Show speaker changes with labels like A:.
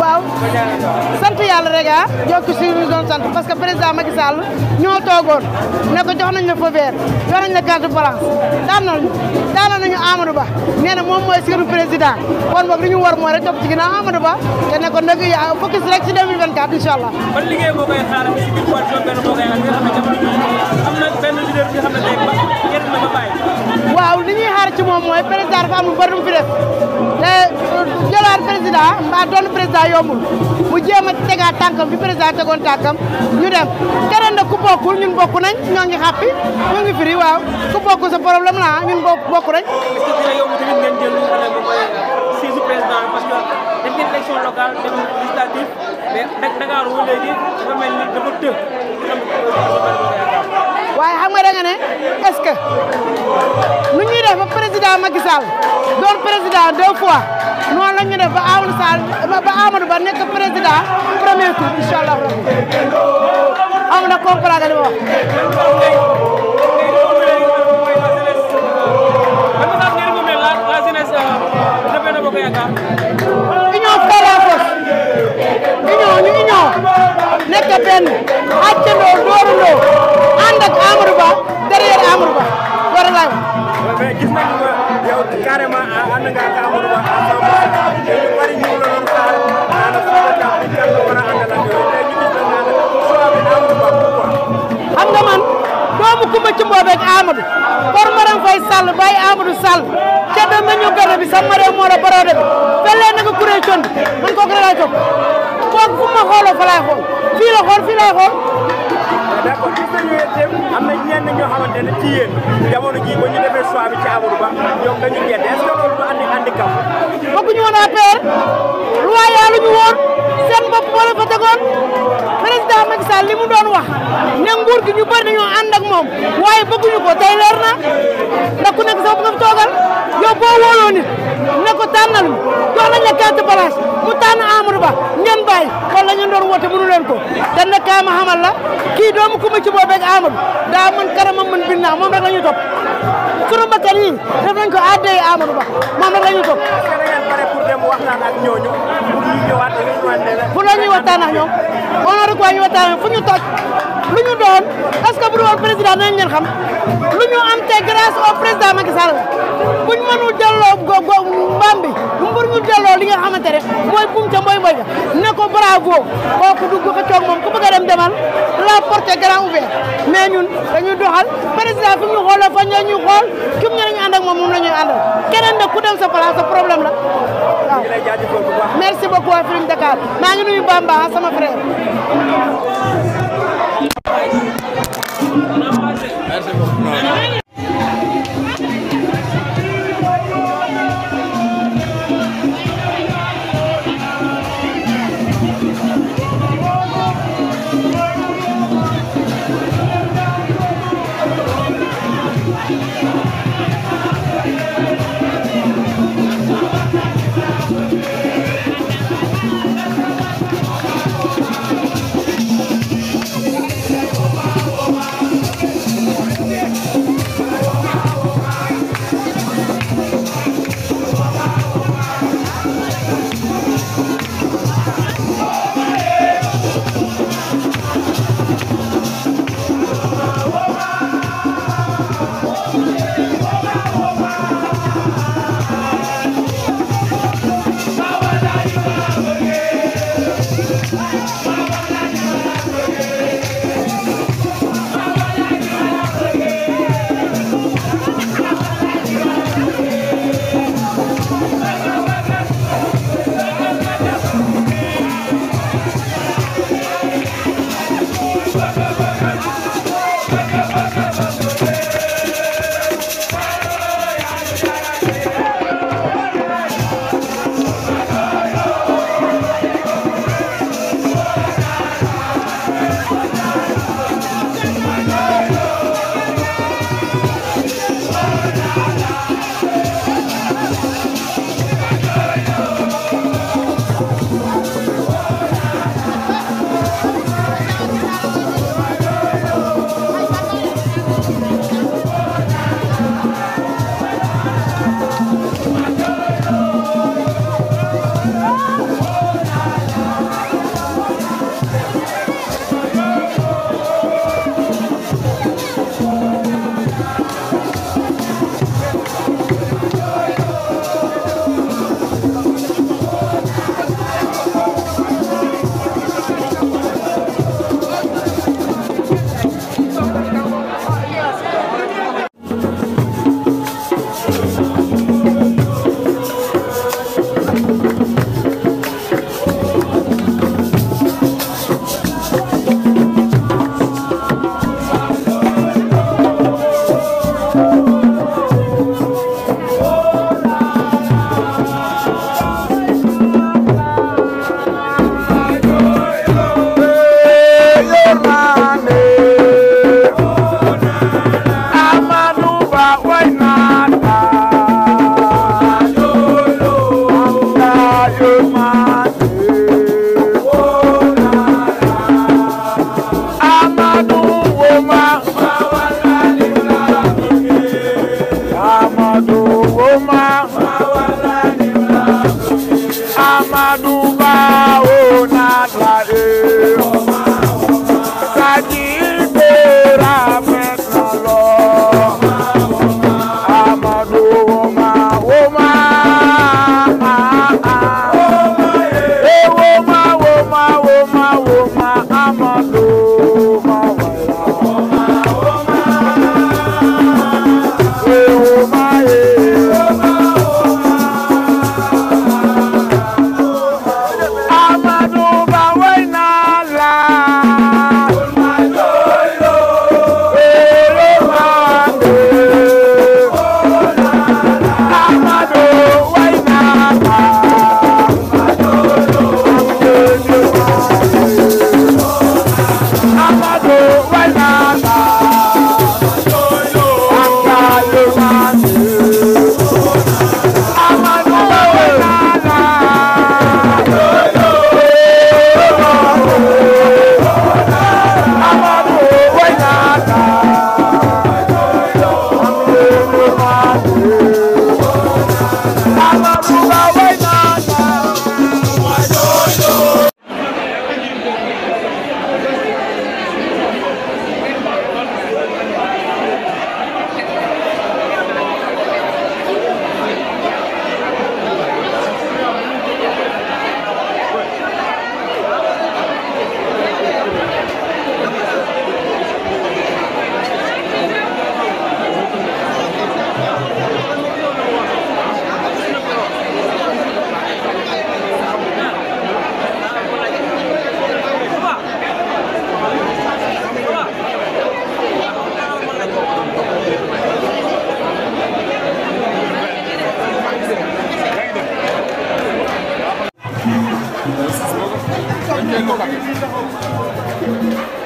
A: waaw sant yàlla rek ah si ñu doon sant parce que président Macky Sall ñoo toogoon ne ko jox nañ la feu vert jox nañ la carte blanche daan nañu Ba nee na moom mooy seenu président kon boog li ñu war mooy rek Ba te ne ko yaa focus rek si si biir coalition benn boo koy waaw li ñuy xaar ci moom mooy président dafa am lu bëri lu mu fi def te euh, jëlaat président mbaa doon président yombul mu jéem a tegaat tànkam fi président tegoon tànkam ñu dem keneen nag ku bokkul ñun bokk ñoo ngi xàppi ñu ngi firi waaw ku bokkul sa problème la ñun bokk waaye xam nga da ba président Macky Sall doon président deux fois noonu la ñu def ba Amadou Sall ba Amadou Ba nekk président premier tour incha allah am na comprendre li ma wax. union nekk benn àccandoo dóorandoo ànd ak Amadou Ba mais gis nañu nga yow carrément ànd ah, ngaa ak Amadou Ba à 100% te ñu bari ñu la doon xaar maanaam suñu kàpp yi kenn la war a àndal ak yooyu tey ñu gis nañ ne choix bi Amadou Ba pourquoi. xam nga man doomu Kumba ci mboobeeg Amadou bor Marème Faye Sall bàyyi Amadou Sall ca dem nañu gën a bi sa maree moo la baroo dem fële na nga kuree cond man kooku la laa jóg kooku fu ma xooloo fa laay xool fii la xool fii laay xool. d' accord gis nañu yéen am na ñenn ñoo xamante ne ci ji ba ñu defee choix bi ci Ba ñoom dañu gedd est ce que loolu du andi handicap. bokkuñu woon APR loyal lu ñu woon seen bopp moo la fa tegoon président Macky Sall li mu doon wax nguur gi ñu bëri dañoo ànd ak moom waaye bëgguñu ko tey na ndax ku nekk nga toogal yow boo wóoloo ne ko tànnal jox nañ la carte balance mu tànn Amadou Ba ngeen bàyyi kon la ñu doon woote mënu leen ko dan na kaama xamal la kii doomu ku mu ci boobeeg Amadou daa mën karamam mën binnaa moom rek la ñuy topp sunu bakkan yi def nañ ko addee Amadou Ba moom rek la ñuy topp bu la ñuy waxtaan ak ñoom on a fu ñu toj lu ñu doon est-ce que bu dul woon xam lu ñu am te grâce au président Macky Sall buñ mënul delloo go go mbaam bi mbir ñu delloo li xamante ne mooy buum ca mooy mooy ne ko bravo kooku du ko coog moom ku bëgg a dem demal la porte grand ouvert mais ñun dañuy doxal président fi ñu xoolee fa ñoo ñuy xool kim ñu ne ñu ànd moom moom la ñuy àndal keneen nag ku dem sa place sa merci beaucoup à Feeling Dakar maa ngi nuyu Bamba ah, sama frère.
B: merci beaucoup. you. Thank you.